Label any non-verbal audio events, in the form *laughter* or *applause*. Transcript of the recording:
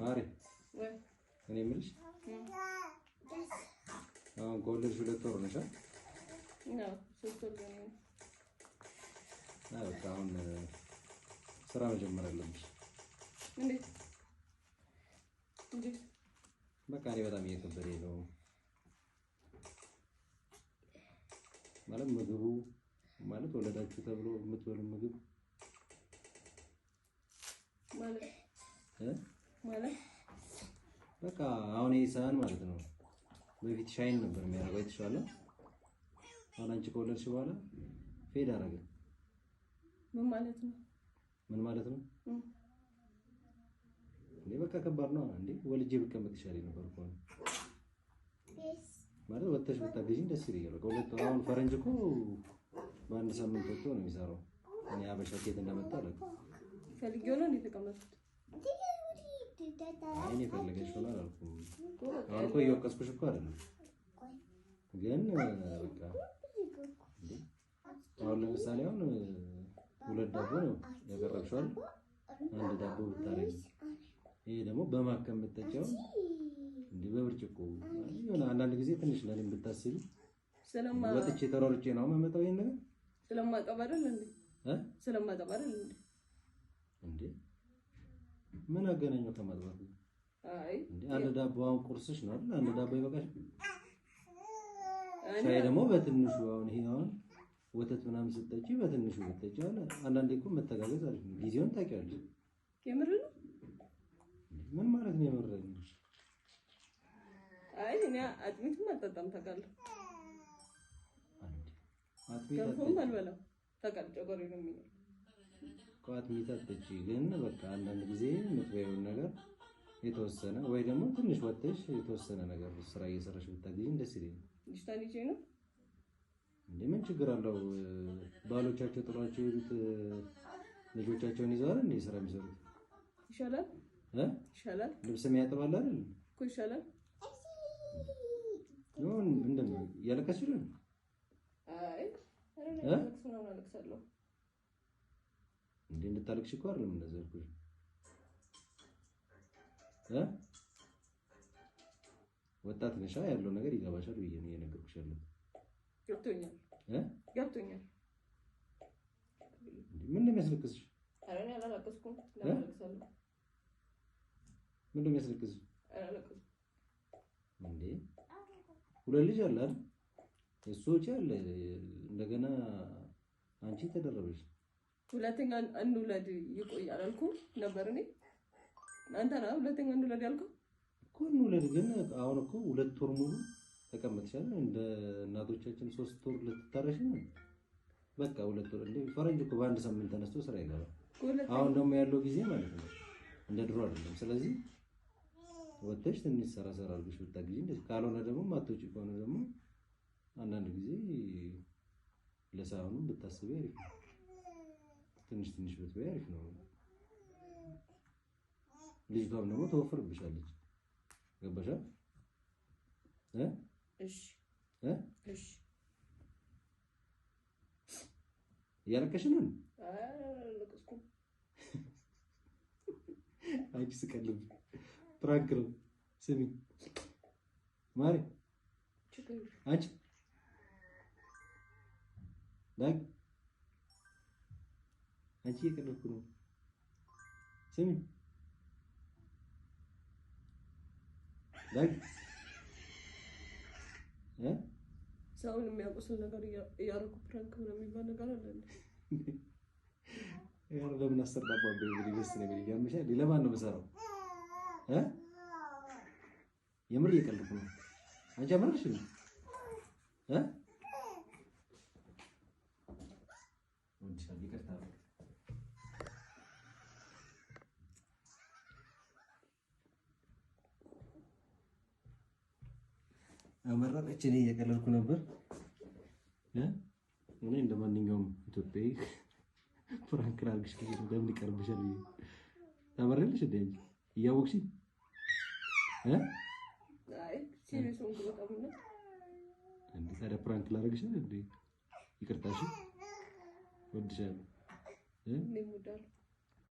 ማሪ እኔ የምልሽ አሁን ከወለድሽ ሁለት ወር ነሽ በቃ አሁን ስራ መጀመር አለብሽ በቃ እኔ በጣም እየከበደኝ ነው ማለት ምግቡ ማለት ወለዳችሁ ተብሎ የምትበሉ ምግብ በቃ አሁን ይሄ ሰሃን ማለት ነው። በፊት ሻይን ነበር የሚያደርገው የተሻለ። አሁን አንቺ ከወለድሽ በኋላ ፌድ አደረገ። ምን ማለት ነው? ምን ማለት ነው? በቃ ከባድ ነው እንዴ! ወልጄ ብቀመጥ ይሻለኝ ነበር እኮ ማለት ወጥተሽ ብታገዥኝ ደስ ይለኛል። በቃ ሁለት አሁን ፈረንጅ እኮ በአንድ ሳምንት ወጥቶ ነው የሚሰራው። እኔ አበሻ ኬት እንደመጣ አለ ፈልጌው ነው የተቀመጥኩት እኔ የፈለገችው ነው አላልኩም። አሁን እኮ እየወቀስኩሽ እኮ አይደለም፣ ግን በቃ አሁን ለምሳሌ አሁን ሁለት ዳቦ ነው ያቀረብሽው፣ አንድ ዳቦ ብታረጊ፣ ይሄ ደግሞ በማከም ብትጨው እንደ በብርጭቆ የሆነ አንዳንድ ጊዜ ትንሽ ለኔም ብታስቢ ወጥቼ ተሯርጬ ነው የማመጣው ይሄን ነገር ስለማቀባረል እንዴ እ ስለማቀባረል እንዴ ምን አገናኘው ከማጥባት? አይ አንድ ዳቦ አሁን ቁርስሽ ነው አይደል? አንድ ዳቦ ይበቃሽ። ሻይ ደግሞ በትንሹ አሁን ይሄ አሁን ወተት ምናምን ስትጠጪ በትንሹ ብትጠጪ አለ። አንዳንዴ እኮ መተጋገዝ አለ። ነው። ጊዜውን ታውቂዋለሽ። የምር ነው። ምን ማለት ነው የምር ነው? አይ እኔ አጥሚትም አልጠጣም ታውቃለህ። አጥሚት አልበላም ታውቃለህ። ጨጓራዬ ነው የሚለው ቋት ሚተጥጪ ግን በቃ አንዳንድ ጊዜ ምትበይውን ነገር የተወሰነ ወይ ደግሞ ትንሽ ወጥተሽ የተወሰነ ነገር ስራ እየሰራሽ ብታገኝ ደስ ይለኛል። ነው እንዴ ምን ችግር አለው? ባሎቻቸው ጥሏቸው የሄዱት ልጆቻቸውን ይዘዋል እንዴ ስራ የሚሰሩት ይሻላል እ ይሻላል ልብስ የሚያጥባል አይደል እኮ ይሻላል። ምንድን ነው እያለቀስሽ ነው? አይ ኧረ እኔ አለቅሳለሁ እንዴ እንድታለቅሽ እኮ አይደለም እንደዛ ያልኩሽ እ ወጣት ነሻ ያለው ነገር ይገባሻል ብዬ ነው የነገርኩሽ። ያለው እ ምን ነው የሚያስለቅስሽ? ኧረ እንዴ ሁለት ልጅ አለ አይደል? እሱ ወጪ አለ እንደገና አንቺ ተደረበች ሁለተኛ እንውለድ ይቆያል አልኩ ነበር እኔ አንተ ና ሁለተኛ እንውለድ ያልኩ እኮ እንውለድ። ግን አሁን እኮ ሁለት ወር ሙሉ ተቀምጥሻል። እንደ እናቶቻችን ሶስት ወር ልትታረሽ ነው። በቃ ሁለት ወር እንደ ፈረንጅ እኮ በአንድ ሳምንት ተነስቶ ስራ ይገባል። አሁን ደግሞ ያለው ጊዜ ማለት ነው እንደ ድሮ አይደለም። ስለዚህ ወጥተሽ ትንሽ ሰራ ሰራ አድርገሽ ብታግዢ፣ ካልሆነ ደግሞ ማቶች ከሆነ ደግሞ አንዳንድ ጊዜ ለሳሁኑ ብታስቢ አሪፍ ነው። ትንሽ ትንሽ ብትበይ አሪፍ ነው። ልጅቷም ደግሞ ተወፍርብሻለች። ገባሻ? እሺ *laughs* አንቺ ስቀልብ ፕራንክ ነው። ስሚ ማሪ አንቺ አንቺ እየቀለድኩ ነው። ስሚ ዳጊ እ ሰውን የሚያቆስል ነገር እያደረኩ ፕራንክ ነው የሚባል ነገር አለ እንዴ? ያው ለምን አስተባባ በዚህ ደስ ነገር ያምሻል። ለማን ነው የምሰራው እ የምር እየቀለድኩ ነው። አንቺ አመረርሽ ነው እ አመረጠች። እኔ እየቀለድኩ ነበር። እኔ እንደ ማንኛውም ኢትዮጵያዊ ፍራንክ ላድርግሽ ብዬሽ ነው። ለምን ይቀርብሻል ብዬሽ እንደ አንቺ እያወቅሽኝ እ ታዲያ ፍራንክ ላድርግሽ እንደ ይቅርታሽ እወድሻለሁ እ